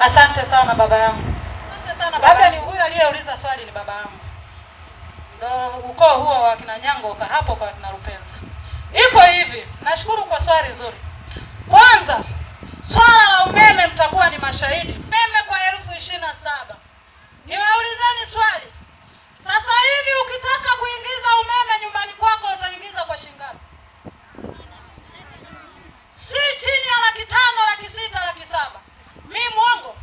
Asante sana baba yangu, labda ni huyo aliyeuliza swali ni baba yangu, ndo ukoo huo wa kina Nyangoka hapo kwa kina Rupenza. Iko hivi, nashukuru kwa swali zuri. Kwanza swala la umeme, mtakuwa ni mashahidi, umeme kwa elfu ishirini na saba. Niwaulizeni swali sasa hivi, ukitaka kuingiza umeme nyumbani kwako utaingiza kwa shingapi? chini ya laki tano, laki sita, laki saba. Mi mwongo?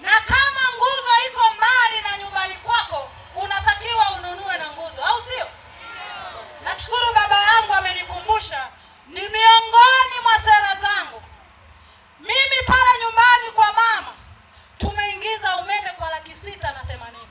Na kama nguzo iko mbali na nyumbani kwako, unatakiwa ununue na nguzo, au sio? Nashukuru baba yangu amenikumbusha, ni miongoni mwa sera zangu mimi. Pale nyumbani kwa mama tumeingiza umeme kwa laki sita na themanini.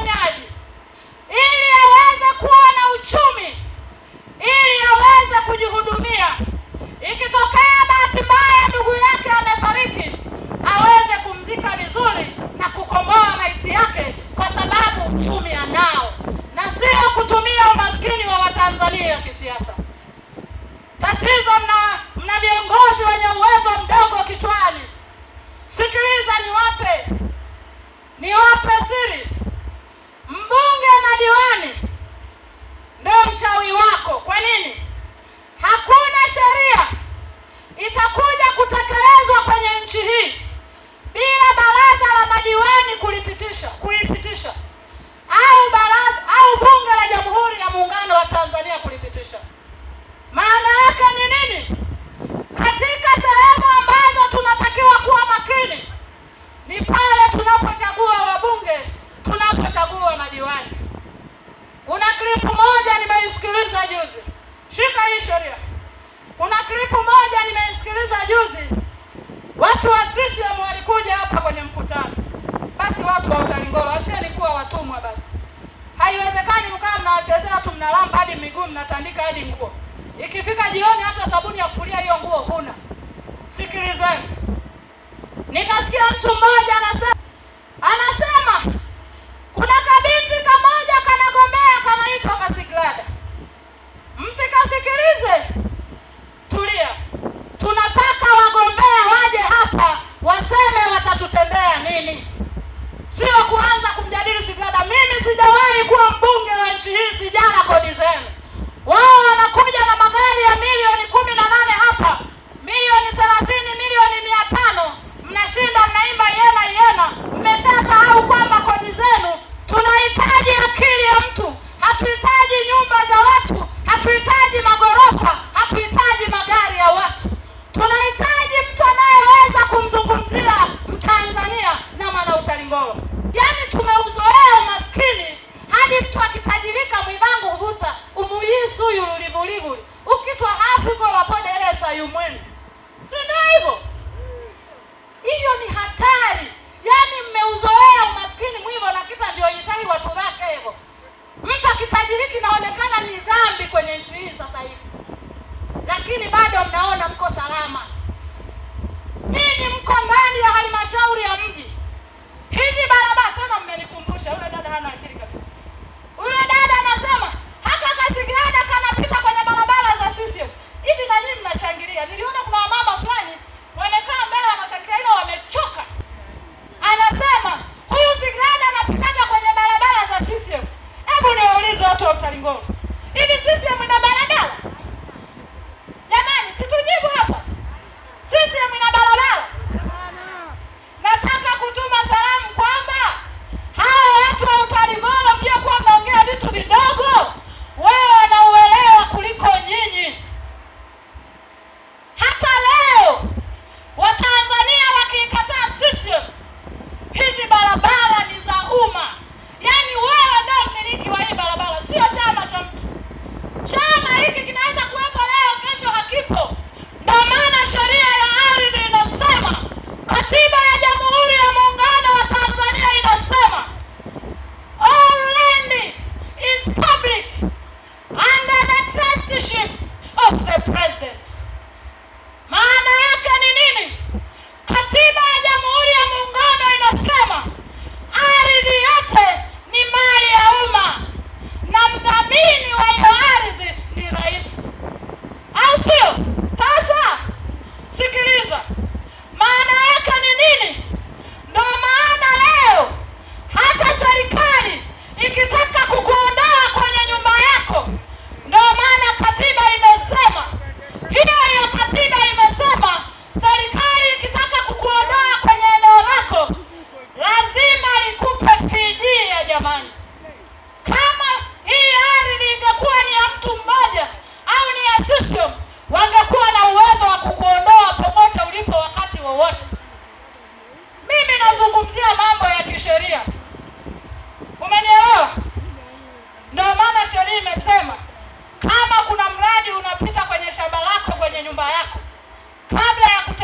mchungaji, ili aweze kuwa na uchumi, ili aweze kujihudumia. Ikitokea bahati mbaya ndugu yake amefariki, aweze kumzika vizuri na kukomboa maiti yake, kwa sababu uchumi anao, na sio kutumia umaskini wa Watanzania kisiasa. Tatizo mna mna viongozi wenye uwezo mdogo kichwani. Sikiliza, niwape niwape siri. litakuja kutekelezwa kwenye nchi hii bila baraza la madiwani kulipitisha kulipitisha au baraza au bunge la Jamhuri ya Muungano wa Tanzania kulipitisha. Maana yake ni nini? Katika sehemu ambazo tunatakiwa kuwa makini ni pale tunapo mnalamba hadi miguu mnatandika hadi nguo. Ikifika jioni, hata sabuni ya kufulia hiyo nguo huna. Sikilizeni, nikasikia mtu mmoja anasema anasema kodi zenu. Wao wanakuja na magari ya milioni kumi na nane hapa, milioni thelathini, milioni mia tano, mnashinda mnaimba yena yena, mmeshasahau kwamba kodi zenu tunahitaji system wangekuwa na uwezo wa kukuondoa popote ulipo wakati wowote. Mimi nazungumzia mambo ya kisheria, umenielewa? Ndio maana sheria imesema kama kuna mradi unapita kwenye shamba lako, kwenye nyumba yako, kabla ya